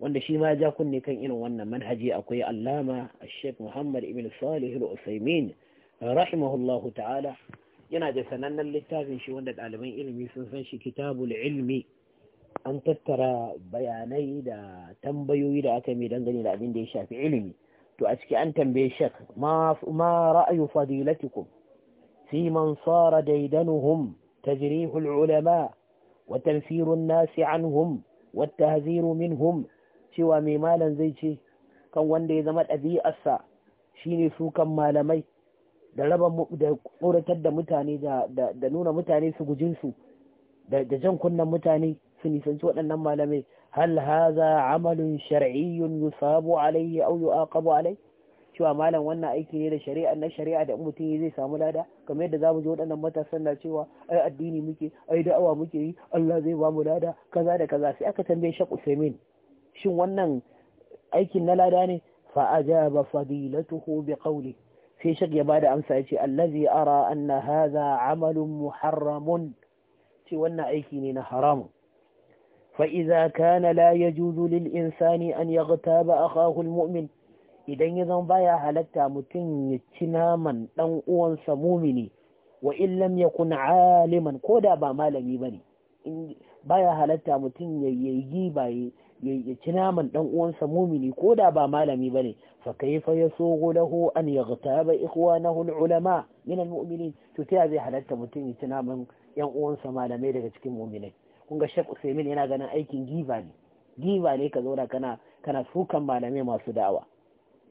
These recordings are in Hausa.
wanda shi ma ya ja kunne kan irin wannan manhaji akwai allama sheikh muhammad ibn salih al usaymin rahimahullahu ta'ala yana da sanannen littafin shi wanda ɗaliban ilimi sun san shi kitabul ilmi an tattara bayanai da tambayoyi da aka yi dangane da abin da ya shafi ilimi to a ciki an tambaye shek ma ma ra'ayu fadilatikum fi man sara daidanuhum tajrihul ulama wa tanfirun nas anhum والتهذير منهم cewa mai malam zai ce kan wanda ya zama ɗabi'arsa shine sukan malamai da raba da tsoratar da mutane da nuna mutane su gujinsu da jan kunnen mutane su nisanci waɗannan malamai hal haza amalun shar'iyyun yusabu alayhi aw yu'aqabu alayhi cewa malam wannan aiki ne da shari'a na shari'a da mutum zai samu lada kamar yadda zamu ji waɗannan matasan na cewa ai addini muke ai da'awa muke yi Allah zai ba mu lada kaza da kaza sai aka tambaye Sheikh Usaimin shin wannan aikin na lada ne fa ajaba fadilatuhu bi qawli sai shak ya bada amsa yace allazi ara anna hadha amalun muharramun ce wannan aiki ne na haramun fa idza kana la yajuzu lil insani an yaghtaba akahu al mu'min idan ya zama baya halatta mutum ya ci naman dan uwansa mumini wa in lam yakun aliman koda ba malami bane baya halatta mutum ya yi ba ya ci naman dan uwansa mumini ko da ba malami bane fa ya so lahu an yaghtaba ikhwanahu ulama min almu'minin to ta zai halatta mutum ya ci naman yan uwansa malamai daga cikin mu'minai kun ga Sheikh Usaimin yana ganin aikin giba ne giba ne ka zauna kana kana sukan malamai masu da'awa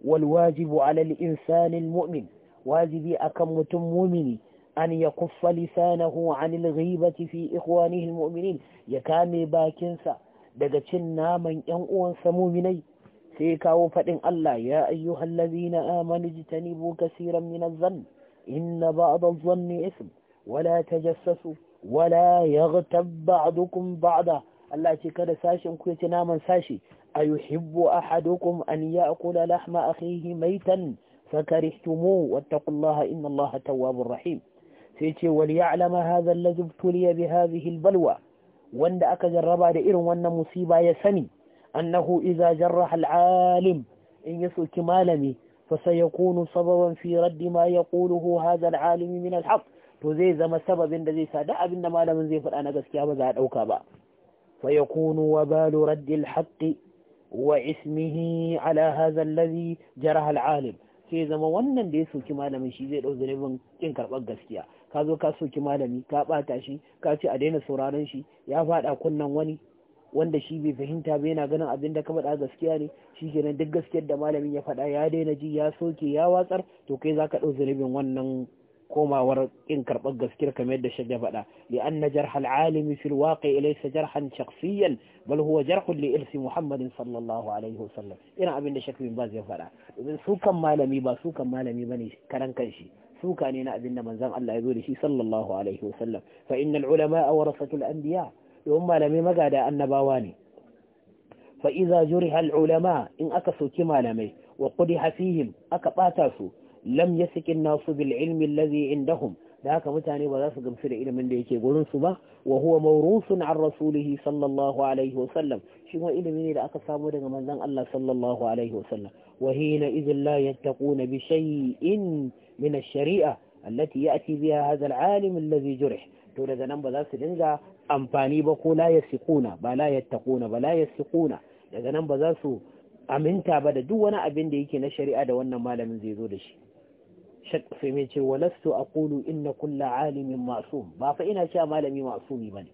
wal wajibu ala al insani mu'min wajibi akan mutum mumini an ya kuffa lisanahu an al ghibati fi ikhwanihi al mu'minin ya kame bakinsa daga cin naman ‘yan uwansa muminai sai kawo faɗin Allah ya ayyuhal lazina amanu jitanibu kasiran min zan inna ba'd az ne ism wala tajassasu wala yaghtab ba'dukum ba'da Allah ce kada sashin ku ci naman sashi ayuhibbu ahadukum an ya'kula lahma akhihi maitan fakarihtumuhu allah innallaha tawwabur rahim sai ce wal ya'lama hadha allazi ibtuliya bi hadhihi al-balwa wanda aka jarraba da irin wannan musiba ya sani annahu iza jarraha al'alim in ya soki malami fa sayakunu sababan fi raddi ma yaquluhu hadha al'alim min al-haqq to zai zama sababin da zai sa da abin da malamin zai faɗa na gaskiya ba za a ɗauka ba fa yakunu wabalu raddi al-haqq wa ismihi ala hadha alladhi jaraha alim sai zama wannan da ya soki malamin shi zai ɗau zunubin kin karɓar gaskiya ka zo ka soki malami ka bata shi ka ce a daina sauraron shi ya faɗa kunnan wani wanda shi bai fahimta ba yana ganin abin da ka faɗa gaskiya ne shi kenan duk gaskiyar da malamin ya faɗa ya daina ji ya soke ya watsar to kai zaka ɗau zunubin wannan komawar in karɓar gaskiyar kamar yadda shi ya faɗa li anna jarhal alimi fil waqi laysa jarhan shakhsiyan bal huwa jarhun li irsi muhammadin sallallahu alaihi wasallam ina abin da shakibin ba ya faɗa domin su malami ba sukan kan malami bane karan kanshi suka ne na abin da manzon Allah ya zo da shi sallallahu alaihi wasallam fa innal ulama warasatul anbiya domin malamai magada annabawa ne fa iza juriha ulama in aka soki malamai wa qudi hafihim aka bata su lam yaskin nasu bil ilmi allazi indahum da haka mutane ba za su gamsu da ilimin da yake gurin su ba wa huwa mawrusun an rasulihi sallallahu alaihi shi kuma ilimi ne da aka samu daga manzon Allah sallallahu alaihi wa wa hina idhil la yattaquna bi shay'in min ash-shari'a allati ya'ti biha hadha al-alim alladhi jurih to daga nan ba za su dinga amfani ba ko la yasiquna ba la yattaquna ba la yasiquna daga nan ba za su aminta ba da duk wani abin da yake na shari'a da wannan malamin zai zo da shi shak sai mai ce walastu aqulu inna kulla alimin masum ba fa ina cewa malami masumi ne.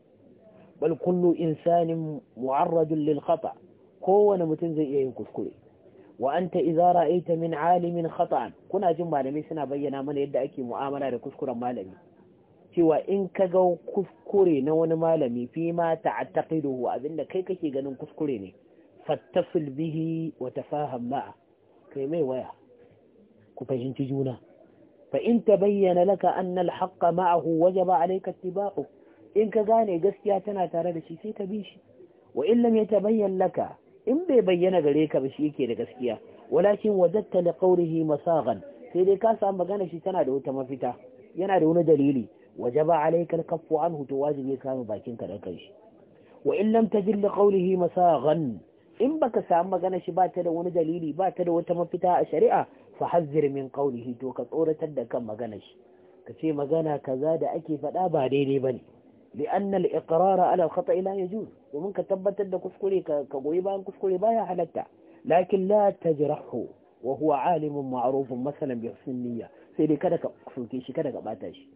bal kullu insanin mu'arradun lil khata kowane mutum zai iya yin kuskure wa anta idza ra'aita min alimin khata'an kuna jin malamai suna bayyana mana yadda ake mu'amala da kuskuren malami cewa in ka ga kuskure na wani malami fi ma ta'taqiduhu abinda kai kake ganin kuskure ne fattasil bihi wa tafaham ma'a kai mai waya ku fahimci juna فإن تبين لك أن الحق معه وجب عليك اتباعه إن كغاني قسيا تنا ترى شي سي تبيشي وإن لم يتبين لك إن بيبين غريك بشيكي لقسيا ولكن وجدت لقوله مساغا سيدي كاسا مغانا شي تنا دو تمفتا ينا دون دليلي وجب عليك الكف عنه تواجب يكام باكين كدكيش وإن لم تجد لقوله مساغا in baka samu magana shi ba ta da wani dalili ba ta da wata mafita a shari'a fa hazzir min qawlihi to ka tsoratar da kan magana shi ka ce magana kaza da ake faɗa ba daidai bane li anna al iqrara ala al khata'i la yajuz domin ka tabbatar da kuskure ka goyi bayan kuskure baya halatta lakin la tajrahu wa huwa alimun ma'rufun masalan bi sai dai kada ka soke shi kada ka bata shi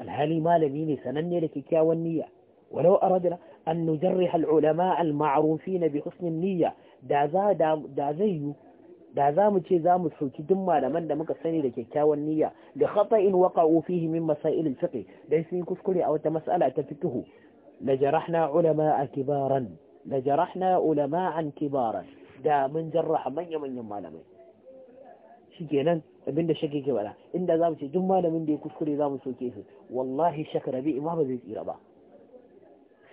alhali malami ne sananne da kyakkyawan niyya walau aradna أن نجرح العلماء المعروفين بحسن النية دا ذا دا دا ذا مجي ذا مسوكي دم على من دمك السني لكي كاوى النية لخطأ وقعوا فيه من مسائل الفقه ليس من كفكري أو تمسألة تفكه لجرحنا علماء كبارا لجرحنا علماء كبارا دا من جرح من يمن يمن علمي شكينا بند شكيك ولا إن دا ذا مجي دم على من دي كفكري ذا مسوكيه والله شكر بي ما بذيك إيرابا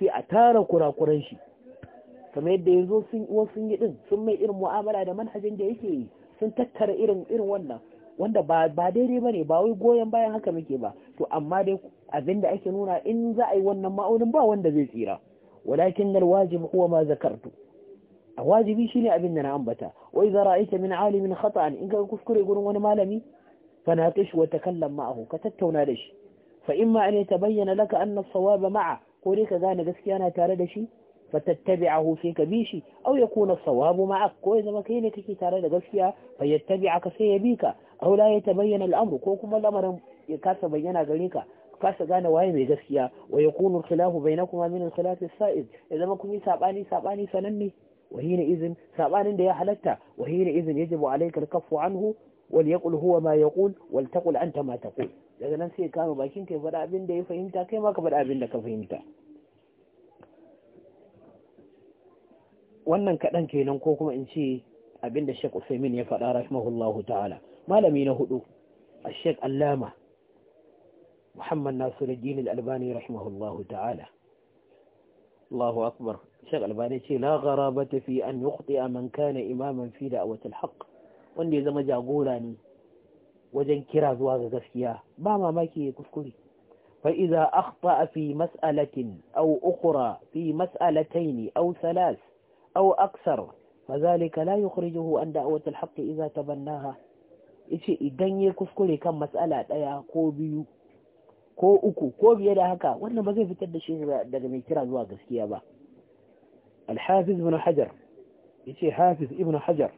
sai a tara kurakuran shi kamar yadda yanzu sun wasu yi din sun mai irin mu'amala da manhajin da yake yi sun tattara irin irin wannan wanda ba ba daidai bane ba wai goyon bayan haka muke ba to amma dai abin da ake nuna in za a yi wannan ma'aunin ba wanda zai tsira walakin nal wajibi huwa ma zakartu a wajibi shine abin da na ambata wai za ra'aita min alimin khata'an in ka kuskure gurin wani malami fanaqish wa takallam ma'ahu ka tattauna da shi fa imma an yatabayyana laka anna as-sawaba ma'a ko dai ka gane gaskiya na tare da shi fatattabi'ahu sai ka bi shi aw yakuna sawabu ma'ak ko ya zama kai ne kake tare da gaskiya fa yattabi'aka sai ya bi ka aw la yatabayyana al'amru ko kuma lamarin ya kasa bayyana gare ka kasa gane waye mai gaskiya wa yakunu khilafu bainakuma min al khilafi as-sa'id ya zama kun yi sabani sabani sananne da ya halatta wa hina izin yajibu alayka al-kaffu anhu وليقل هو ما يقول ولتقل أنت ما تقول daga nan sai kama bakin ka faɗa abin da ya fahimta kai ma ka faɗa abin da ka fahimta wannan kaɗan kenan ko kuma in ce abin da Sheikh Usaimin ya faɗa rahimahullahu ta'ala malami na hudu Sheikh Allama Muhammad Nasiruddin Al-Albani rahimahullahu ta'ala Allahu akbar Sheikh Albani ce la gharabata fi an yukhti man kana imaman fi da'wati al-haqq wanda ya zama jagora ne wajen kira zuwa ga gaskiya ba mamaki ya kuskure fa'iza akhta fi mas'alatin au ukura fi mas'alataini au salas au aksar fazalika la yukhrijuhu an da'wat al-haqq idza tabannaha yace idan ya kuskure kan mas'ala daya ko biyu ko uku ko biye da haka wannan ba zai fitar da shi daga mai kira zuwa gaskiya ba al-hafiz ibn hajar yace hafiz ibn hajar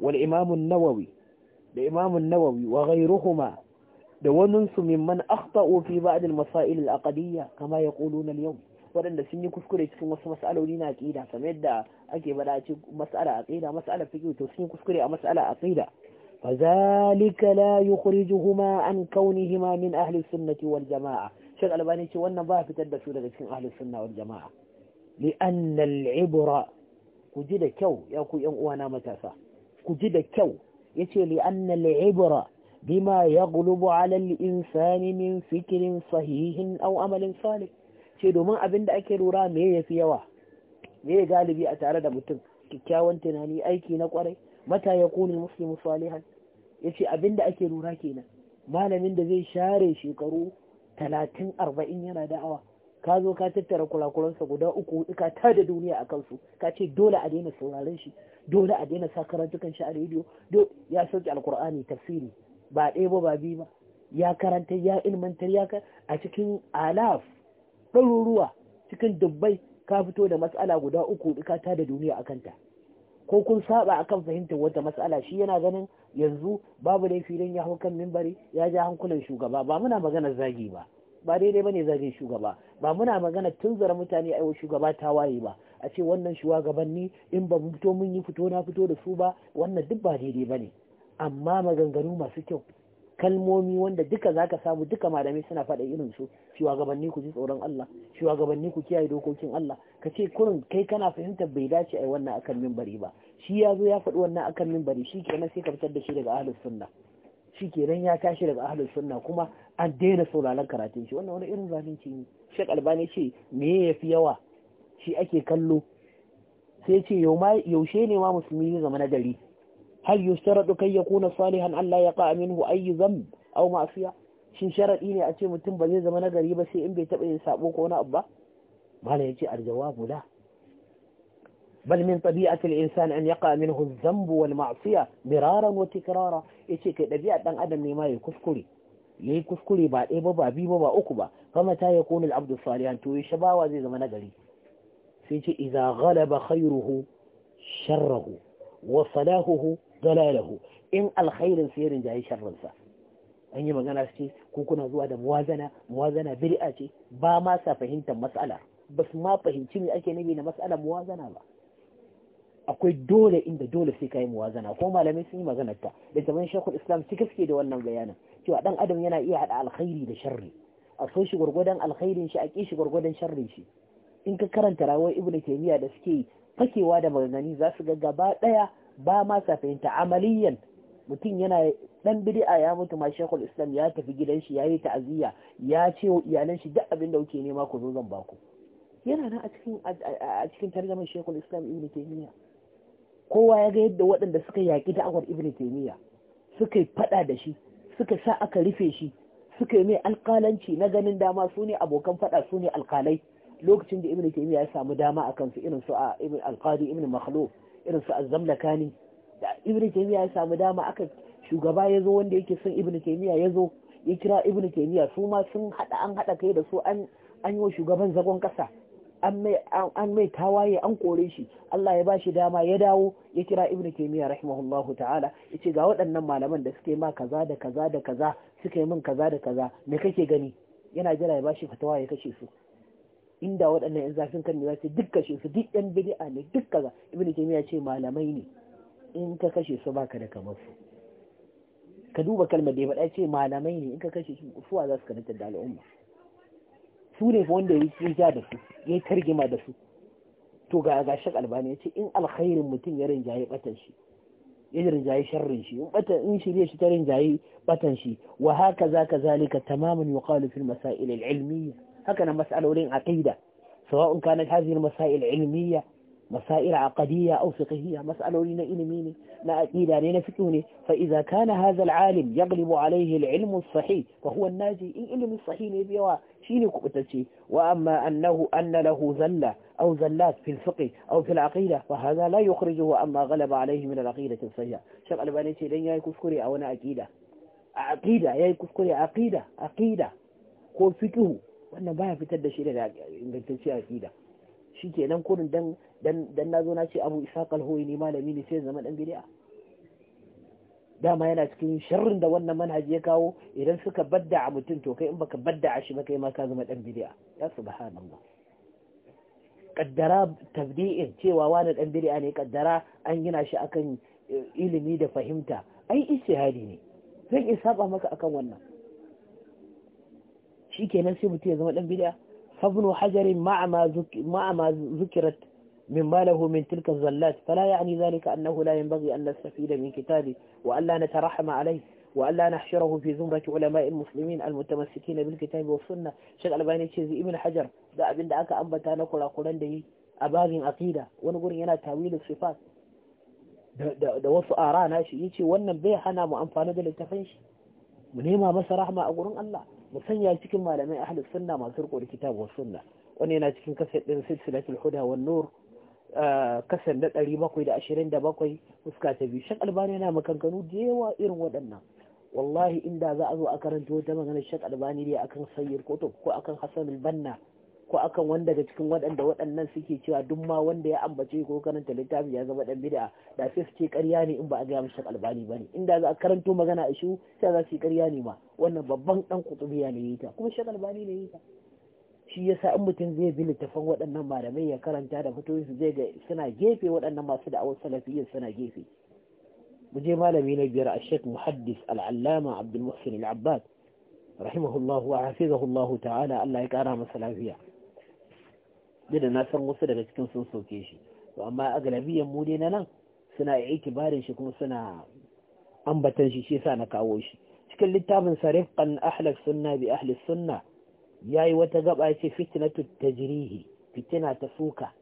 wal imamun nawawi wa ghairuhuma da waninsu mimman akhta'u fi ba'd al-masail al-aqdiyya kama yaquluna al-yawm wadanda sun yi kuskure cikin wasu mas'aloli na ƙida kamar yadda ake bada ci mas'ala aqida mas'ala fiqh to sun yi kuskure a mas'ala aqida fazalika la yukhrijuhuma an kauni min ahli sunnati wal jamaa shaykh albani ce wannan ba fitar da su daga cikin ahli sunna wal jamaa li anna al-ibra ji da kyau ya ku yan uwana matasa ku ji da kyau yace ce anna al-ibra bima ya gulubu al-insani min sahihin au amalin salih ce domin abin da ake lura me yafi yawa me galibi a tare da mutum kyakkyawan tunani aiki na kwarai mata yakunu muslimu salihan yace abin da ake lura kenan malamin da zai share shekaru talatin arba'in yana da'awa ka zo ka tattara kurakuransa guda uku ka ta da duniya a kansu ka ce dole a daina sauraron shi dole a daina sa karantukan shi a rediyo ya sauke alkur'ani tafsiri ba ɗaya ba ba biyu ba ya karanta ya ilmantar ya a cikin alaf ɗaruruwa cikin dubbai ka fito da matsala guda uku ka ta da duniya a kanta ko kun saba akan fahimtar wata matsala shi yana ganin yanzu babu laifi don ya hau kan mimbari ya ja hankulan shugaba ba muna maganar zagi ba ba daidai ba ne zagin shugaba ba muna magana tun zara mutane aiwa shugaba ta waye ba a ce wannan shugabanni in ba mu fito mun yi fito na fito da su ba wannan duk ba daidai ba ne amma maganganu masu kyau kalmomi wanda duka zaka samu duka malamai suna faɗa irin su shugabanni ku ji tsoron Allah shugabanni ku kiyaye dokokin Allah ka ce kurin kai kana fahimtar bai dace ai wannan akan minbari ba shi ya zo ya faɗi wannan akan minbari shi kenan sai ka fitar da shi daga ahlus sunna shike kenan ya tashi daga ahlul sunna kuma an daina sauraron karatun shi wannan wani irin zalunci ne Sheikh albani ce me yafi yawa shi ake kallo sai ce yau yaushe ne ma musulmi ya zama na gari hal yustaradu kai ya kuna salihan Allah ya qa'a minhu ayi zam aw ma'siya shin sharadi ne a ce mutum ba zai zama na gari ba sai in bai taba yin sabo ko wani abba ba malam yace aljawabu la بل من طبيعة الإنسان أن يقع منه الذنب والمعصية مرارا وتكرارا ya ce kai ɗabi'a ɗan adam ne ma ya kuskure ya yi kuskure ba ɗaya ba ba biyu ba ba uku ba kama ta ya kone al'abdu salihan to ya shabawa zai zama nagari sai ce iza galaba khairuhu sharrahu wa salahuhu dalalahu in alkhairin sai rinjaye sharrinsa an yi magana su ce ko kuna zuwa da muwazana muwazana bir'a ce ba ma sa fahimtar matsala ba su ma fahimci me ake nabi na matsala muwazana ba akwai dole inda dole sai kai muwazana ko malamai sun yi magana ta da zaman shekul islam su suke da wannan bayanin cewa dan adam yana iya hada alkhairi da sharri a so shi gurgudan alkhairin shi a ki shi gurgudan sharrin shi in ka karanta rawar ibnu taymiya da suke fakewa da magani za su ga gaba daya ba ma sa fahimta amaliyan mutum yana dan bid'a ya mutu ma shekul islam ya tafi gidan shi yayi ta'aziyya ya ce wa iyalan shi duk abin da kuke nema ku zo zan baku yana nan a cikin a cikin tarjumar shekul islam ibnu taymiya kowa ya ga yadda waɗanda suka yaƙi da'awar ibn taimiyya suka yi faɗa da shi suka sa aka rufe shi suka yi mai alƙalanci na ganin dama su ne abokan faɗa su ne alƙalai lokacin da ibn taimiyya ya samu dama a kansu irin su a ibn alqadi ibn makhlo irin su az da ibn taimiyya ya samu dama aka shugaba ya zo wanda yake son ibn taimiyya ya zo ya kira ibn taimiyya su ma sun hada an haɗa kai da su an an yi wa shugaban zagon kasa an mai tawaye an kore shi Allah ya bashi dama ya dawo ya kira ibn taymiya rahimahullahu ta'ala yace ga waɗannan malaman da suke ma kaza da kaza da kaza suke min kaza da kaza me kake gani yana jira ya bashi fatawa ya kashe su inda waɗannan yan zafin kan ne za su duk kashe su duk yan bid'a ne duk kaza ibn taymiya ce malamai ne in ka kashe su baka da kamar su ka duba kalmar da ya faɗa ce malamai ne in ka kashe su suwa za su kanta da al'umma su ne fa wanda ya ja da su ya yi targima da su to ga ga shi albani ya ce in alkhairin mutum ya rinjaye batan shi ya rinjaye sharrin shi in shirya in shi ta rinjaye batan shi wa haka za ka zalika tamamin yuqalu fil masail al ilmiyya haka na mas'alolin aqida sawa'un kanat hadhihi al masail ilmiyya مسائل عقدية أو فقهية لنا مسألولين إلمين لا أكيدانين فتوني فإذا كان هذا العالم يغلب عليه العلم الصحيح فهو الناجي إن إلم الصحيح نبيوا شيني كبتتي وأما أنه أن له زلة أو زلات في الفقه أو في العقيدة فهذا لا يخرجه أما غلب عليه من العقيدة شاء الله ألباني تيدين لن كفكري أو أنا أكيدة عقيدة يا عقيدة عقيدة ko fikihu wannan baya fitar da أكيدة شيء ingantacciyar akida dan na zo na ce abu isa alhoyi ne malami ne sai zama dan bid'a dama yana cikin sharrin da wannan manhaji ya kawo idan suka badda a mutum to kai in baka badda a shi ba kai ma zama dan bid'a ya subhanallah kaddara tabdi'in cewa wani dan bid'a ne kaddara an gina shi akan e, ilimi da fahimta ai hari ne zan iya saba maka akan wannan Shi kenan sai mutum ya zama dan biri'a. fabnu hajarin ma'a ma zukirat من له من تلك الظلات فلا يعني ذلك أنه لا ينبغي أن نستفيد من كتابه وألا نترحم عليه وألا نحشره في زمرة علماء المسلمين المتمسكين بالكتاب والسنة شكرا لبعني تشيزي ابن حجر دعب اندعاك أنبتا نقل قلن دي أباغي أقيدة ونقول هنا تاويل الصفات da wasu ara na shi yace wannan bai hana mu amfana da littafin shi mu nema masa rahma a gurin Allah mu sanya cikin malamai ahlus sunna masu riko da kitabu sunna kasan na ɗari bakwai da ashirin da bakwai fuska ta biyu shak albani yana makankanu da yawa irin waɗannan wallahi inda za a zo a karanta wata maganar shakalbani albani ne akan sayar ko ko akan hassan albanna ko akan wanda daga cikin waɗanda waɗannan suke cewa duk ma wanda ya ambace ko karanta littafi ya zama ɗan bid'a da sai su ce ƙarya ne in ba a gaya mishi albani ne inda za a karanto magana a shi sai za su yi ƙarya ne ma wannan babban ɗan kutubiya ne ya yi ta kuma shakalbani albani ne yi ta shi yasa in mutum zai bi littafan waɗannan malamai ya karanta da su zai ga suna gefe waɗannan masu da da'awar salafiyyar suna gefe mu je malami na biyar a shek muhaddis al'allama abdul muhsin al'abbas rahimahullahu wa hafizahullahu ta'ala Allah ya kara masa lafiya da na san wasu daga cikin sun soke shi to amma agalabiyan mu dai na nan suna itibarin shi kuma suna ambatan shi shi yasa na kawo shi cikin littafin sarifqan ahlak sunna bi ahli sunna ya yi wata gaba ya ce fitnatu tajrihi fitina ta suka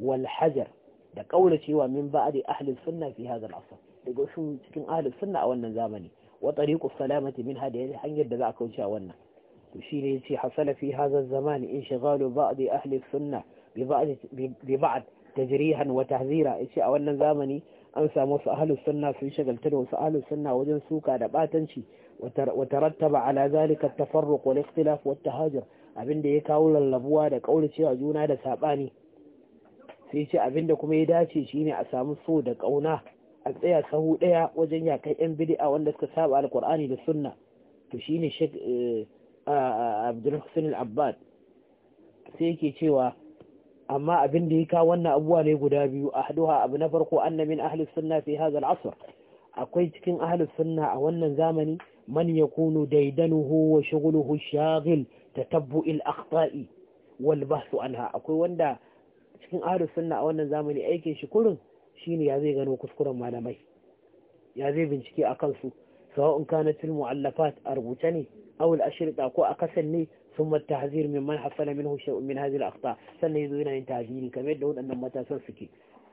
wal hajar da cewa min ba'di ahli suna fi hadha al daga su cikin ahli suna a wannan zamani wa tariqu salamati min hada hanyar da za a kauce a wannan to ne yace hasala fi hadha az-zaman inshighalu ba'di ahli sunna bi ba'd bi ta tajrihan wa tahzira yace a wannan zamani an samu wasu ahlus suna sun shagalta da wasu ahlus suna wajen suka da batanci وترتب على ذلك التفرق والاختلاف والتهاجر abin da ya kawo lallabuwa da kaulacewa juna da saɓani sai ce abin da kuma ya dace shine a samu so da kauna a tsaya sahu ɗaya wajen kai yan bid'a wanda suka saba alkur'ani da sunna to shine shek abdul hussein al-abbad sai yake cewa amma abin da ya kawo wannan abubuwa ne guda biyu ahduha abu na farko anna min ahli sunna fi hadha al-asr akwai cikin ahli sunna a wannan zamani من يكون ديدنه وشغله الشاغل تتبع الأخطاء والبحث عنها أقول وندا cikin ahlus sunna a wannan zamani aikin shi kurin shine ya zai gano kuskuren malamai ya zai bincike a kansu sawa'un kana til mu'allafat a rubuce ne aw al ashrita ko a kasan ne min man ممن minhu shay'un min hadhihi al akhta sannan yazo yana yin tahziri kamar yadda wadannan matasan suke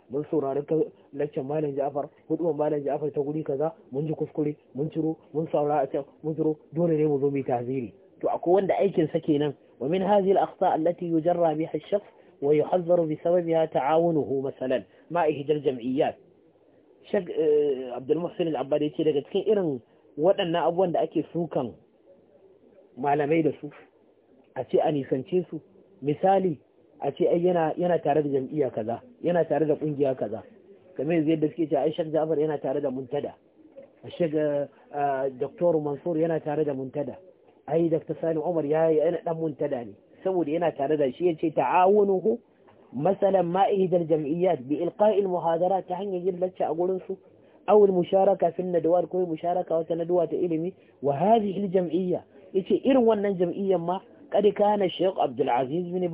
mun saurare ka laccan malam Ja'far huduban malam Ja'far ta guri kaza mun ji kuskure mun ciro mun saura a can mun ciro dole ne mu zo mu taziri to akwai wanda aikin sa kenan wa min hadhihi al akhta allati yujarra biha ash-shakhs wa yuhadharu bi sababiha ta'awunuhu masalan ma ihdar jam'iyyat shag Abdul Muhsin al abadi ce daga cikin irin waɗannan abubuwan da ake sukan malamai da su a ce a nisance su misali a ce ai yana yana tare da jam'iyya kaza yana kamar yanzu yadda suke ce ai Sheikh Jafar yana tare da Muntada a shiga Mansur yana tare da Muntada ai Dr. Salim Umar ya yi yana Muntada ne saboda yana tare da shi ya ce ta'awunuhu masalan ma'ihid al-jam'iyyat bi ilqa'i al-muhadarat ta hanyar yin lacca a gurin su aw al-musharaka fi an-nadwar ko musharaka wata nadwa ta ilimi wa hadhihi jamiyya yace irin wannan jam'iyyar ma kad kana Sheikh Abdul Aziz bin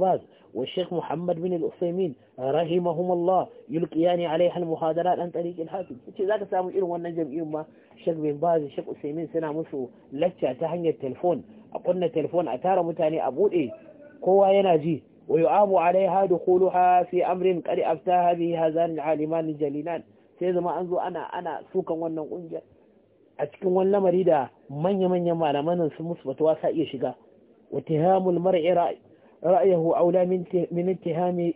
والشيخ محمد بن الأسيمين رحمهم الله يلقيان عليها المحاضرات عن طريق الحافظ ذاك سامو إلو وانا جمعين ما الشيخ بن باز الشيخ أسيمين سنا مسو لكتا تهني التلفون أقلنا التلفون أتارا متاني أبود إيه قوة يناجي ويؤاب عليها دخولها في أمر قد أفتاها به هذان العالمان الجليلان سيزا ما أنزو أنا أنا سوكا وانا قنجا أتكن وانا مريدا من يمن يمانا من سمس بتواسا يشيكا واتهام المرء رأي ra'ayahu aula min ittihami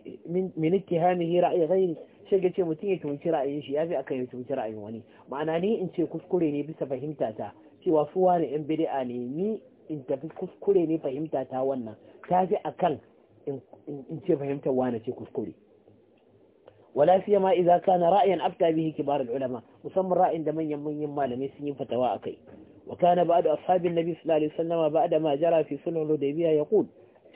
min ittihamihi ra'ayi ghairi sai ga ce mutum ya tunci ra'ayin shi yafi akan ya tunci ra'ayin wani ma'ana ni in ce kuskure ne bisa fahimta cewa su wani yan bid'a ne ni in tafi kuskure ne fahimtata wannan ta fi akan in ce fahimtar wani ce kuskure wala ma idza kana ra'yan afta bihi kibar ulama musamman ra'ayin da manyan manyan malamai sun yi fatawa akai وكان بعد أصحاب النبي صلى الله عليه وسلم بعد ما جرى في صلح الهديبية يقول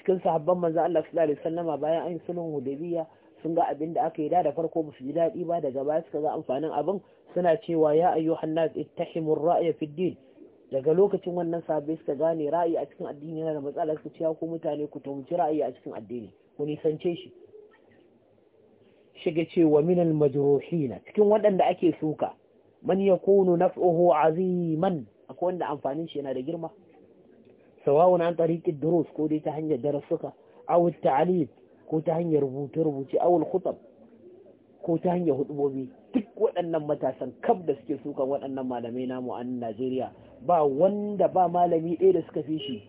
cikin sahabban manzo Allah sallallahu alaihi wasallama bayan an yi sulhun sun ga abin da aka yi da da farko ba ji daɗi ba daga baya suka ga amfanin abin suna cewa ya ayyuhan nas ar ra'ya fi din daga lokacin wannan sahabbai suka gane ra'ayi a cikin addini yana da matsala suka ce ko mutane ku tumci ra'ayi a cikin addini ku nisance shi shiga cewa minal majruhina cikin waɗanda ake suka man yakunu naf'uhu aziman akwai wanda amfanin shi yana da girma sawa'un an tariqid durus ko dai ta hanyar darasuka aw at ko ta hanyar rubuce rubuce aw al-khutab ko ta hanyar hudubobi duk waɗannan matasan kaf da suke sukan waɗannan malamai namu a Najeriya ba wanda ba malami ɗaya da suka fi shi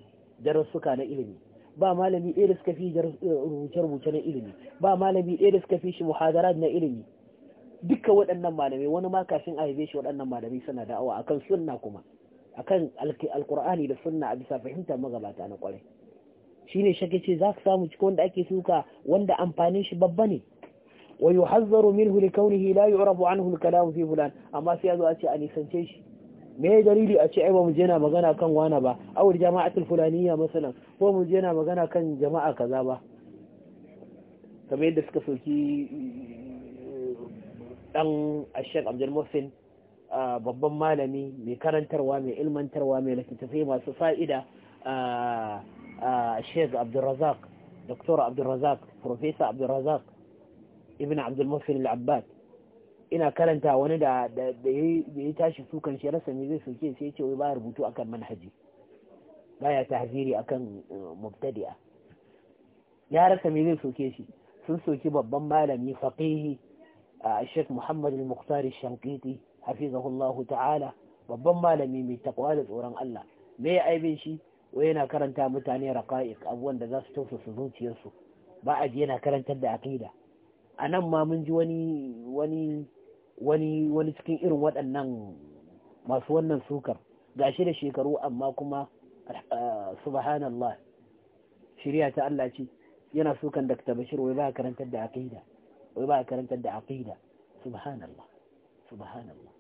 darussuka na ilimi ba malami ɗaya da suka fi eh, rubuce-rubuce na ilimi ba malami ɗaya da suka fi shi muhadarat na ilimi duka waɗannan malamai wani ma kafin a haife shi waɗannan malamai suna da'awa akan sunna kuma akan alkur'ani da sunna a bisa fahimtar magabata na kwarai ne shake ce za ka samu cikin wanda ake suka wanda amfanin shi babba ne wa yuhazzaru minhu hila la yu'rafu anhu an kalam fi fulan amma sai yazo a ce a nisance shi me dalili a ce ai ba mu je na magana kan wana ba aw jama'atul ya masalan ko mu je na magana kan jama'a kaza ba kamar yadda suka soki eh, dan ashe Abdul Muhsin babban malami mai karantarwa mai ilmantarwa mai littattafai masu fa'ida sheik abdulrazak doktor abdulrazak profesa abdulrazak ibn abdulmufin al'abbad ina karanta wani da ya tashi sukan shi rasa mai zai soke sai ce wai ba rubutu akan manhaji baya tahziri akan uh, mubtadi'a ya rasa mai zai soke shi sun soki babban malami faqihi Sheikh Muhammad al-Muqtari Shankiti hafizahullahu ta'ala babban malami mai takwa da tsoron Allah me ya aibin shi wai yana karanta mutane raqa'iq abuwan da za su tausasa zuciyarsu ba a ji yana karantar da aqida a nan ma mun ji wani wani wani wani cikin irin waɗannan masu wannan sukar gashi da shekaru amma kuma eh, subhanallah shirya ta Allah ce yana sukan Dr. Bashir wai ba karantar da aqida wai ba karantar da aqida subhanallah subhanallah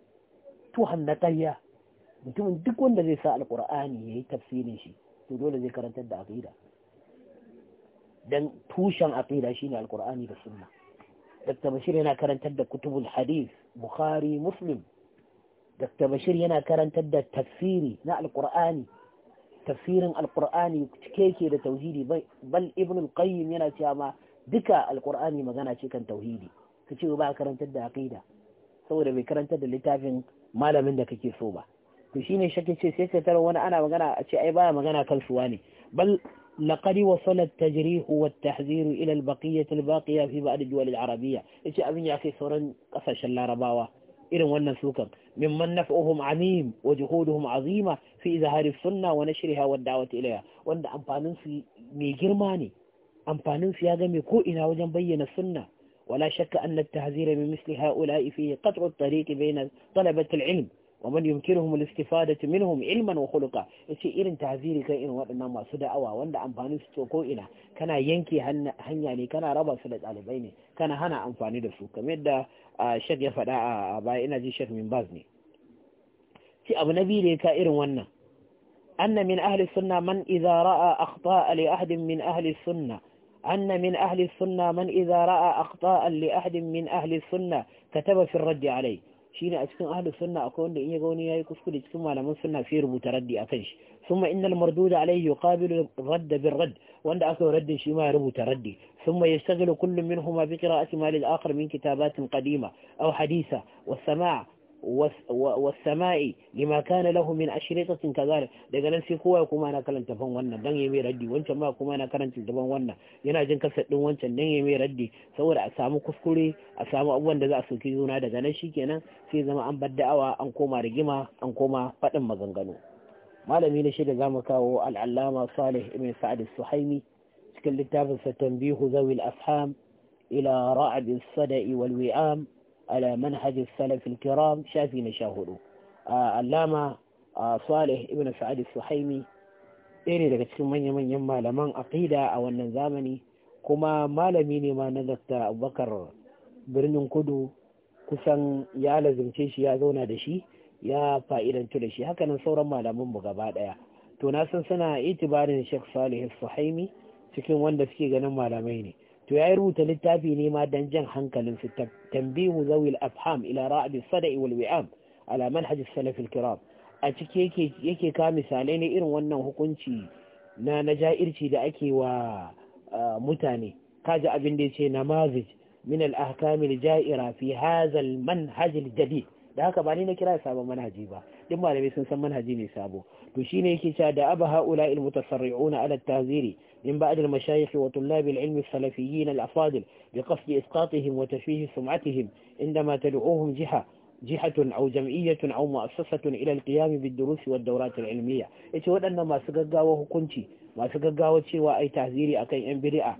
tuhan na ƙarya mutumin duk wanda zai sa alƙur'ani ya yi tafsirin shi to dole zai karantar da aƙida don tushen aƙida shine alƙur'ani da sunna Dr. Bashir yana karantar da kutubul hadith Bukhari Muslim Dr. Bashir yana karantar da tafsiri na alƙur'ani tafsirin alƙur'ani cike yake da tauhidi bal ibn al-qayyim yana cewa ma duka alƙur'ani magana ce kan tauhidi kace ba karantar da aqida saboda bai karantar da littafin malamin da kake so ba to shine shakin ce sai ka wani ana magana a ce ai baya magana kan suwa ne bal لقد وصل التجريح والتحذير الى البقيه الباقيه في بعض الدول العربيه ايش ابن يا اخي سوران قصاش اللاربابا irin wannan sukan mimman naf'uhum amim wa juhuduhum azima fi izhari sunna wa shiri hawa da'wati ilayha wanda amfanin su mai girma ne amfanin su ya ga mai ko ina wajen bayyana sunna ولا شك أن التهذير من مثل هؤلاء فيه قطع الطريق بين طلبة العلم ومن يمكنهم الاستفادة منهم علما وخلقا yace irin taziri kai irin waɗannan masu da'awa wanda amfanin su ko ina kana yanke hanya ne kana raba su da ɗalibai ne kana hana amfani da su kamar yadda shak ya faɗa a baya ina ji shak min baz ne ci abu na biyu da ka irin wannan anna min ahli sunna man idza ra'a akhta'a li ahadin min ahli sunna أن من أهل السنة من إذا رأى أخطاء لأحد من أهل السنة كتب في الرد عليه شين أتكون أهل السنة أقول لإن يقولني يا كفكول يتكون على من سنة في ربو تردي أكنش ثم إن المردود عليه يقابل الرد بالرد وأن أكو رد شما ربو تردي ثم يشتغل كل منهما بقراءة ما للآخر من كتابات قديمة أو حديثة والسماع wasama'i لما كان lahumin من أشريطة كذلك daga nan sai kowa kuma na karanta ban wannan dan yayi mai raddi wancan ma kuma na karanta daban wannan yana jin kasar din wancan dan yayi mai raddi saboda a samu kuskure a samu abubuwan da za a soke juna daga nan shikenan sai zama an bar da'awa an koma rigima an koma fadin maganganu malami na shida zamu kawo al-allama Salih ibn Sa'd suhaimi cikin littafin sa tanbihu zawil afham ila ra'd as-sada'i wal wi'am على منهج السلف الكرام شافي نشاهده علامة صالح ابن سعد السحيمي ɗaya ne daga cikin manya-manyan malaman aƙida a wannan zamani kuma malami ne ma na dakta abubakar birnin kudu kusan ya lazimce shi ya zauna da shi ya fa'idantu da shi hakanan sauran malaman mu gaba ɗaya to na san suna itibarin shek salih suhaimi cikin wanda suke ganin malamai ne to ya yi rubuta littafi ne ma dan jan hankalin su tambihu zawil afham ila ra'd sada'i wal wi'am ala manhaj salaf al kiram a ciki yake ka misalai ne irin wannan hukunci na najairci da ake wa mutane kaji abin da yace namazij min al ahkam al ja'ira fi hadha da haka ba ni na kira sabon manhaji ba din malamai sun san manhaji ne sabo to shine yake cewa da aba haula mutasarri'una ala at-tahziri من بعد المشايخ وطلاب العلم السلفيين الأفاضل بقصد إسقاطهم وتشويه سمعتهم عندما تدعوهم جهة جهة أو جمعية أو مؤسسة إلى القيام بالدروس والدورات العلمية يتود أن ما سققا وهكونتي ما سققا وتشيوا أي تهذيري أكي أنبريئة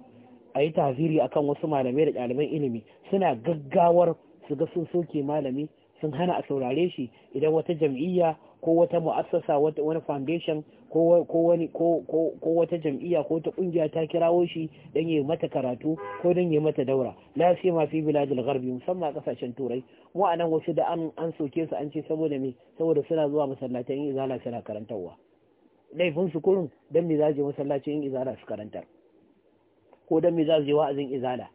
أي تهذيري أكي وسمع لمير العالمين إلمي سنة ققاور سقصن سوكي مالمي sun hana a saurare shi idan wata jam'iyya ko wata mu'assasa wani foundation ko wani ko wata jam'iyya ko ta kungiya ta kirawo shi dan yi mata karatu ko dan yi mata daura la sai ma fi biladul gharbi musamman kasashen turai mu anan wasu da an an soke su an ce saboda me saboda suna zuwa masallatan yin izala suna karantarwa laifin su kurun dan me za je masallacin yin izala su karantar ko dan me za su je wa'azin izala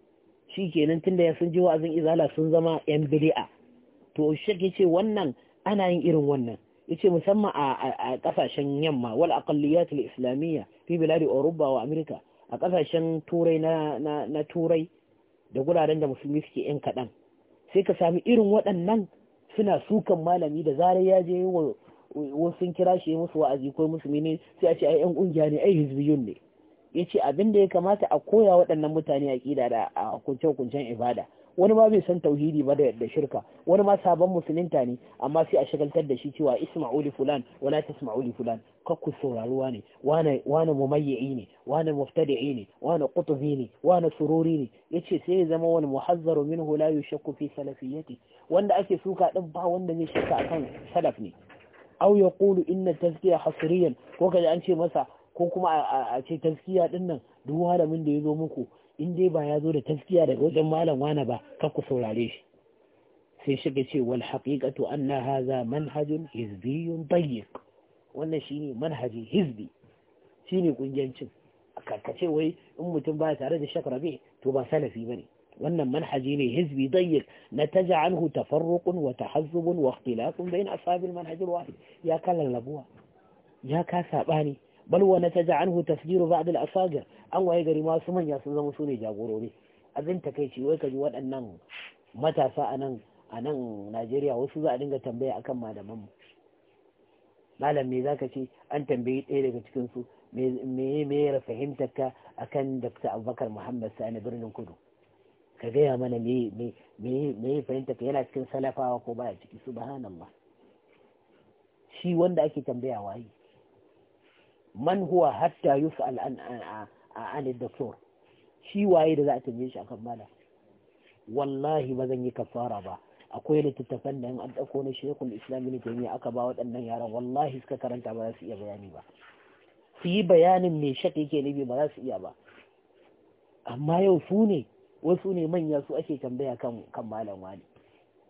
kenan tunda ya sun je wa'azin izala sun zama yan bid'a to shi ce wannan ana yin irin wannan yace musamman a kasashen yamma wal aqalliyat al islamiyya fi bilad Europa wa America a kasashen turai na na turai da guraren da musulmi suke yan kadan sai ka sami irin waɗannan suna sukan malami da zarar ya je wa sun kira shi musu wa'azi ko musulmi ne sai a ce ai yan kungiya ne ai hizbiyun ne yace abin da ya kamata a koya waɗannan mutane aqida da a kunce kuncen ibada wani ma bai san tauhidi ba da shirka wani ma sabon musulunta ne amma sai a shagaltar da shi cewa isma'uli fulan wala tasma'uli fulan kakku sauraruwa ne wane wane mumayyi'i ne wane muftadi'i ne wane qutbi ne wane sururi ne yace sai ya zama wani muhazzaru minhu la yushakku fi wanda ake suka din ba wanda zai shakka akan salaf ne aw yaqulu inna tazkiya hasriyan ko kaje an ce masa ko kuma a ce tazkiya din nan duk malamin da ya zo muku in dai ba ya zo da taskiya daga wajen malam wane ba ka ku saurare shi sai shiga ce wal haqiqatu anna hadha manhajun hizbiyyun dayyiq wannan shine manhaji hizbi shine kungiyancin karkace wai in mutum ba tare da rabi to ba salafi bane wannan manhaji ne hizbi dayyiq na anhu tafarruqun wa tahazzubun wa ikhtilafun bain ashabil manhaj alwahid ya kala labuwa ya ka sabani bal wa nataja anhu tafjiru ba'd al-asagir an waye gari ma su manya sun zama su ne jagorori abin takeici wai kaji waɗannan matasa anan anan Najeriya wasu za a dinga tambaya akan malaman mu malam me zaka ce an tambayi ɗaya daga cikin su me me ya fahimtar ka akan Dr. Abubakar Muhammad Sani birnin Kudu ka gaya mana me me me fahimta ka yana cikin salafawa ko baya ciki subhanallah shi wanda ake tambaya waye man huwa hatta yus'al an an doktor shi waye da za a tambaye shi akan mala wallahi ba zan yi kafara ba akwai littattafan da an dauko na shekul islam ne taimiyya aka ba waɗannan yaran wallahi suka karanta ba za su iya bayani ba su yi bayanin mai shaka yake nufi ba za su iya ba amma yau su ne wasu ne manya su ake tambaya kan kan malam wani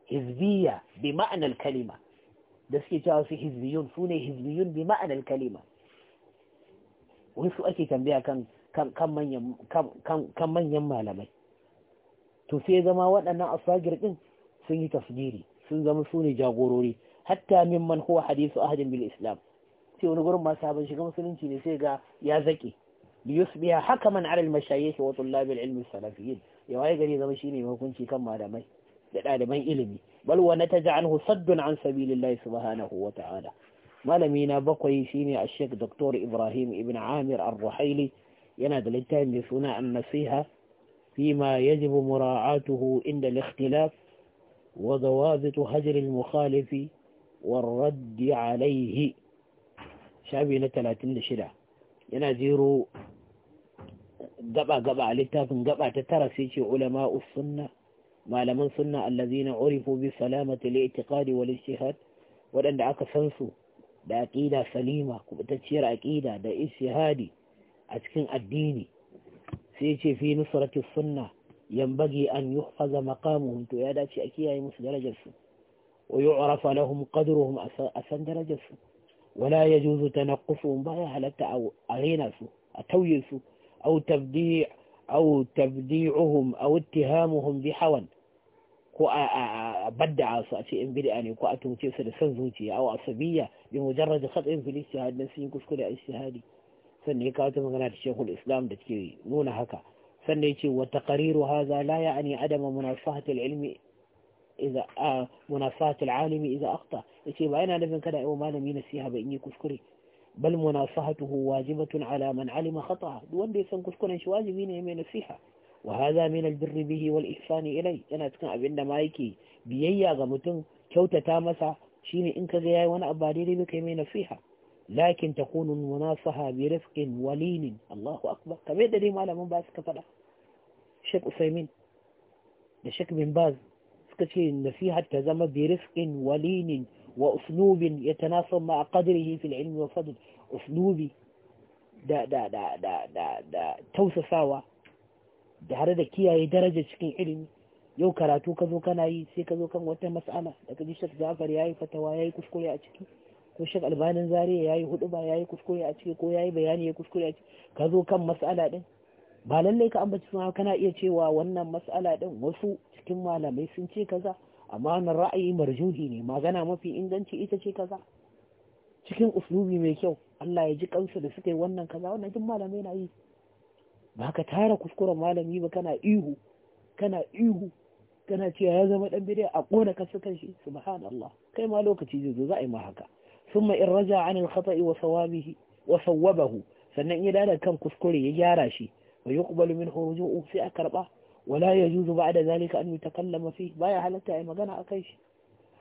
hizbiya bi ma'anar kalima da suke cewa su hizbiyun su ne hizbiyun bi ma'anar kalima wasu ake tambaya kan kan manyan malamai to sai zama waɗannan asagir ɗin sun yi tasgiri sun zama su ne jagorori hatta min man huwa hadisu ahadin bil islam sai wani gurin masu sabon shiga musulunci ne sai ga ya zaƙe liyusbiya haka man alal mashayikh wa tullabil ilmi salafiyyin ya wai gari zama shine hukunci kan malamai da ɗaliban ilimi bal wa nataja anhu saddun an sabilillahi subhanahu wa ta'ala مالمينا بقوي شيني الشيخ دكتور إبراهيم ابن عامر الرحيلي يناد لتان لثناء النصيحة فيما يجب مراعاته عند الاختلاف وضوابط هجر المخالف والرد عليه شابينة تلاتين لشلا يناديرو قبع قبع لتاكم قبع تترى تترسيش علماء السنة ما لمن سنة الذين عرفوا بسلامة الاعتقاد والاجتهاد ولأن دعاك سنسوا da aqida salima kubutacciyar aqida da ishihadi a cikin addini sai ce fi nusrati sunna yambagi an yuhfaza maqamuhum to ya dace a kiyaye musu darajar su wa yu'rafa lahum qadruhum asan san darajar su wala yajuzu tanaqqusuhum ba ya halatta aw rena su a tauye su aw tabdi' aw tabdi'uhum aw ittihamuhum bi hawan ko a a badda su a ce yan bid'a ne ko a tumce su da san zuciya aw asabiyya bi mujarrad khat'in fil ijtihad dan sun kuskure a ijtihadi sannan ya kawo ta magana da shehul islam da ke nuna haka sannan ya ce wa taqariru hadha la ya'ni adama munasahati al-ilmi إذا آه مناصات العالم إذا أخطأ يصير بعين لمن كان أمانا من السيها بإني كسكري بل مناصحته واجبة على من علم خطأه دون دي سنكسكرا شواجبين من السيحة وهذا من البر به والإحسان إليه أنا أتكلم أبن مايكي biyayya ga mutum kyautata masa shine in kaga yayi wani abu daidai ba kai mai nasiha lakin takunu munasaha bi rifqin walin Allahu akbar kamar da dai malamin ba suka faɗa Sheikh Usaimin da Sheikh bin Baz suka ce nasiha ta zama bi rifqin walin wa uslubin yatanasab ma qadrihi fil ilm wa fadl uslubi da da da da da tausasawa da har da kiyaye daraja cikin ilimi yau karatu ka zo kana yi sai ka zo kan wata mas'ala daga ka ji shek ya yi fatawa ya yi kuskure a ciki ko shek albanin zariya ya yi hudu ba ya yi kuskure a ciki ko ya yi bayani ya kuskure a ciki ka zo kan mas'ala din ba lallai ka ambaci suna kana iya cewa wannan mas'ala din wasu cikin malamai sun ce kaza amma wannan ra'ayi marjuhi ne magana mafi inganci ita ce kaza cikin uslubi mai kyau Allah ya ji kansu da suka yi wannan kaza wannan duk malamai na yi ba ka tara kuskuren malami ba kana ihu kana ihu kana cewa ya zama dan bidai a kona ka sukan shi subhanallah kai ma lokaci zai zo za a yi ma haka thumma in raja an al-khata'i wa sawabihi wa sawabahu sannan ya dada kan kuskure ya gyara shi wa yuqbalu min ruju'u fi a karba wala yajuzu ba'da zalika an yutakallama fi baya halatta ai magana akai shi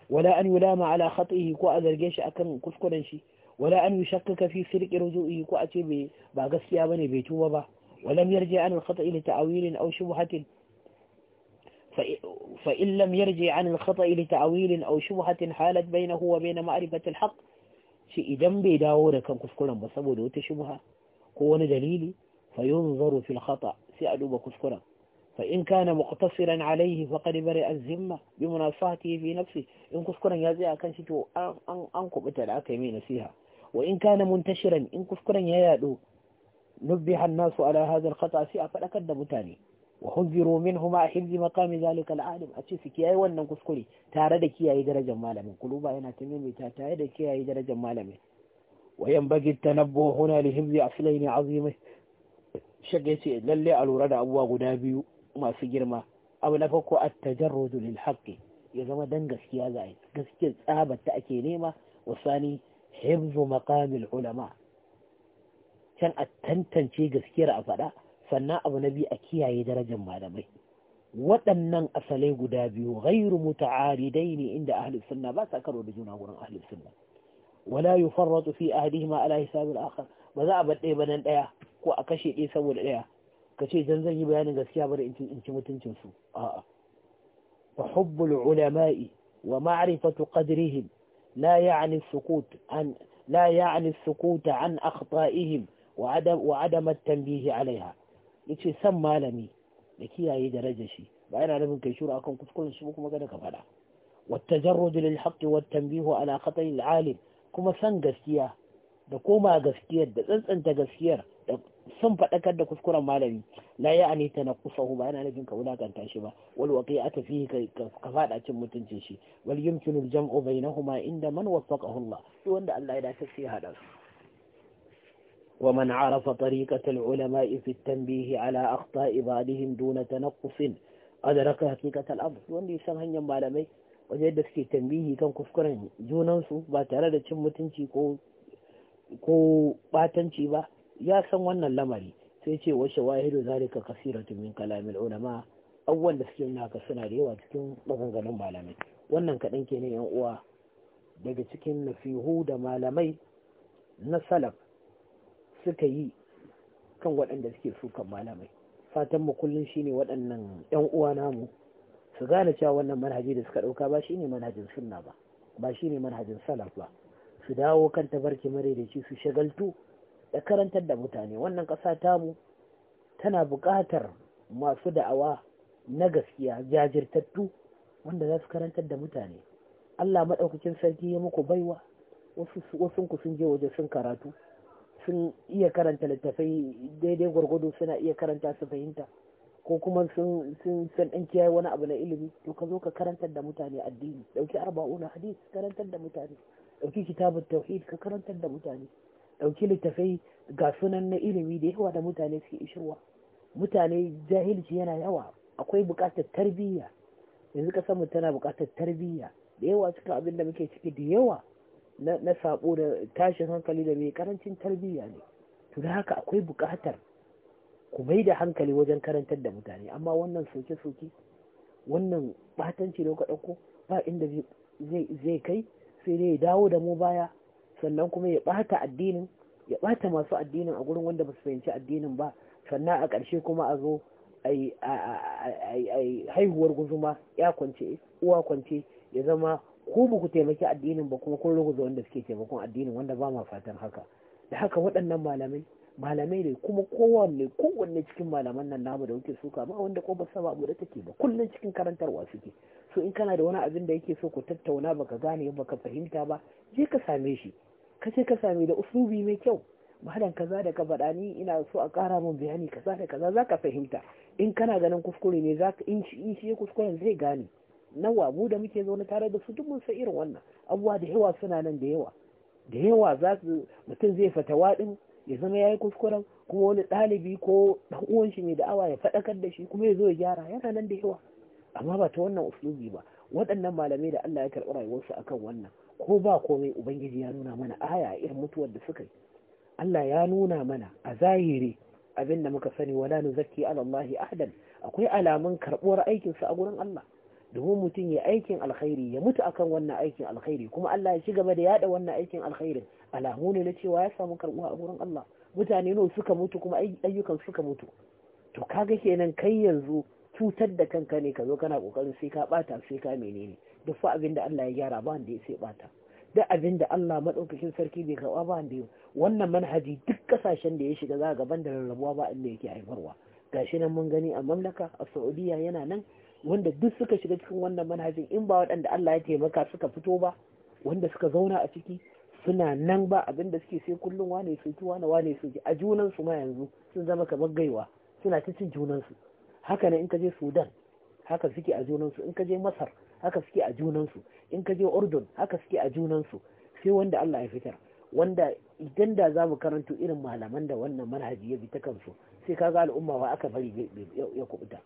wala an yulama ala khata'ihi ko a zarge shi akan kuskuren shi wala an yushakkaka fi sirqi ruju'ihi ko a ce ba gaskiya bane bai tuba ba ولم يرجع عن الخطأ لتعويل أو شبهة فإن لم يرجع عن الخطأ لتعويل أو شبهة حالت بينه وبين معرفة الحق شيء جنبي داورة كم كفكرا بصبو دو تشبها هو دليل فينظر في الخطأ سألوب كفكرا فإن كان مقتصرا عليه فقد برئ الذمة بمناصاته في نفسه إن كفكرا يزيع كان شتو أنكب تلعك يمين فيها وإن كان منتشرا إن كفكرا يزيع نبه الناس على هذا الخطأ سيأفل أكد بتاني wa huzziru minhu ma hizzi maqami zalika al'alim a ce su kiyaye wannan kuskure tare da kiyaye darajar malamin kuluba yana ta tare da kiyaye darajar malamin wa yanbaghi tanabbuhu huna li hizzi aslayn azimai shage lalle a lura da abuwa guda biyu masu girma abu na farko at tajarrud lil haqqi ya zama dan gaskiya zai gaskiyar tsabar ta ake nema wasani hibzu maqamil ulama can a tantance gaskiyar a faɗa sannan abu na biyu a kiyaye darajar malamai waɗannan asalai guda biyu ghairu muta'aridai ne inda ahlus sunna ba sa karo da juna gurin ahlus sunna wala yufarratu fi ahdihima ala hisabil akhar ba za a bar ɗaya ba nan ɗaya ko a kashe ɗaya saboda ɗaya ka ce dan zan yi bayanin gaskiya bari in ci mutuncin su a'a fa hubbul ulama'i wa ma'rifatu qadrihim la ya'ni sukut an لا يعني السكوت عن أخطائهم وعدم, وعدم التنبيه عليها ce san malami da kiyaye darajar shi ba yana nufin kai shuru akan kuskuren shi kuma kada ka faɗa والتجرد للحق والتنبيه على خطأ العالم kuma san gaskiya da koma gaskiyar da tsantsanta gaskiyar da san faɗakar da kuskuren malami la ya ani ta kusa ba yana nufin ka wulakanta shi ba wal waqi'ata fihi ka faɗa cin mutuncin shi wal yumkinu al jam'u bainahuma inda man waffaqahu Allah shi wanda Allah ya dace sai hada su ومن عرف طريقة العلماء في التنبيه على أخطاء بعضهم دون تنقص أدرك حقيقة الأمر وأن يسمى hanyar malamai wajen da suke tambihi kan kuskuren junansu ba tare da cin mutunci ko batanci ba ya san wannan lamari sai ce wace wahidu zalika kasiratu min kalamil ulama abubuwan da suke naka suna da yawa cikin maganganun malamai wannan kaɗan ke yan uwa daga cikin nafihu da malamai na salaf suka yi kan waɗanda suke sukan malamai fatan mu kullum shine waɗannan ƴan uwa namu su gane cewa wannan manhaji da suka ɗauka ba shine manhajin sunna ba ba shine manhajin salaf ba su dawo kan tabarki shi su shagaltu da karantar da mutane wannan ƙasa tamu tana buƙatar masu da'awa na gaskiya jajirtattu wanda za su karantar da mutane Allah maɗaukacin sarki ya muku baiwa wasu sun je waje sun karatu sun iya karanta littafai daidai gwargwado suna iya karanta su fahimta ko kuma sun san ɗan kiyaye wani abu na ilimi to ka zo ka karantar da mutane addini Ɗauki dauki na hadis karantar da mutane Ɗauki kitabun tauhid ka karantar da mutane Ɗauki littafai ga sunan na ilimi da yawa da mutane suke ishirwa mutane jahilci yana yawa akwai buƙatar tarbiyya yanzu san mu tana buƙatar tarbiyya da yawa cikin abin da muke ciki da yawa na sabo da tashin hankali da mai karancin tarbiyya ne to da haka akwai buƙatar ku mai da hankali wajen karantar da mutane amma wannan soke-soke wannan batanci da kuka ɗauko ba inda zai kai sai dai ya dawo da mu baya sannan kuma ya ɓata addinin ya ɓata masu addinin a gurin wanda ba su fahimci addinin ba sannan a ƙarshe kuma a zo haihuwar guzuma ya kwance uwa kwance ya zama ko ba ku taimaki addinin ba kuma kun ruguza wanda suke taimakon addinin wanda ba ma fatan haka da haka waɗannan malamai malamai ne kuma kowanne kowanne cikin malaman nan namu da kuke suka ba wanda ko ba saba abu da take ba kullun cikin karantarwa suke so in kana da wani abin da yake so ku tattauna baka gane ba ka fahimta ba je ka same shi ka ce ka same da usubi mai kyau malam kaza da ka faɗa ni ina so a ƙara min bayani kaza da kaza zaka fahimta in kana ganin kuskure ne zaka in shi kuskure zai gane nawa mu da muke zaune tare da su duk mun san irin wannan abuwa da yawa suna nan da yawa da yawa za su mutum zai fatawa din ya zama ya yi kuskuren kuma wani ɗalibi ko ɗan uwan shi mai da'awa ya faɗakar da shi kuma ya zo ya gyara yana nan da yawa amma ba ta wannan uslubi ba waɗannan malamai da Allah ya karɓi rayuwarsu akan wannan ko ba komai ubangiji ya nuna mana aya irin mutuwar da suka yi Allah ya nuna mana a zahiri abin da muka sani wala nuzakki ala Allah ahadan akwai alamun karɓuwar aikinsa a gurin Allah domin mutum ya aikin alkhairi ya mutu akan wannan aikin alkhairi kuma Allah ya ci gaba da yada wannan aikin alkhairi alamu ne na cewa ya samu karbuwa a wurin Allah mutane ne suka mutu kuma ayyukan suka mutu to kaga kenan kai yanzu cutar da kanka ne ka zo kana kokarin sai ka bata sai ka menene duk fa abin Allah ya gyara ba wanda sai bata da abinda Allah madaukakin sarki bai karba ba wanda wannan manhaji duk kasashen da ya shiga za gaban da rarrabuwa ba inda yake haifarwa gashi nan mun gani a mamlaka a Saudiya yana nan wanda duk suka shiga cikin wannan manhajin in ba waɗanda Allah ya taimaka suka fito ba wanda suka zauna a ciki suna nan ba abinda suke sai kullum wane su ki wane wane su ki a junan su ma yanzu sun zama kamar gaiwa suna ta cin junan su haka ne in ka je Sudan haka suke a junan su in ka je Masar haka suke a junan su in ka je Urdun haka suke a junan su sai wanda Allah ya fitar wanda idan da za mu karanto irin malaman da wannan manhaji ya bi ta kansu sai kaga al'umma wa aka bari ya kubuta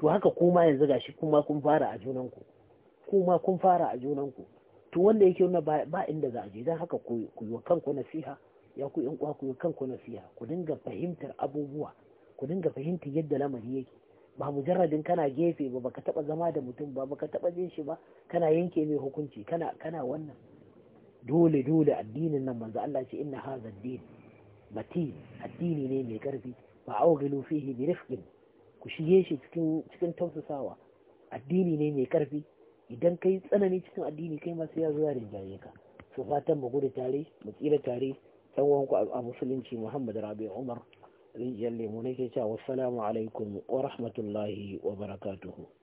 to haka kuma yanzu gashi kuma kun fara a junanku kuma kun fara a junanku to wanda yake wannan ba inda za a je dan haka ku yi kanku nasiha ya ku yan ku yi kanku nasiha ku dinga fahimtar abubuwa ku dinga fahimtar yadda lamari yake ba mujarradin kana gefe ba baka taba zama da mutum ba baka taba jin shi ba kana yanke mai hukunci kana kana wannan dole dole addinin nan manzo Allah ce inna hadha ad-din matin addini ne mai karfi fa awghilu fihi bi ku shige shi cikin tausasawa addini ne mai karfi idan kai tsanani cikin addini kai masu ya zuwa rinjaye ka su fatan mu gudu tare mu tsira tare dan ku a musulunci Muhammad Rabi Umar rijiyar lemu nake cewa assalamu alaikum wa rahmatullahi wa barakatuhu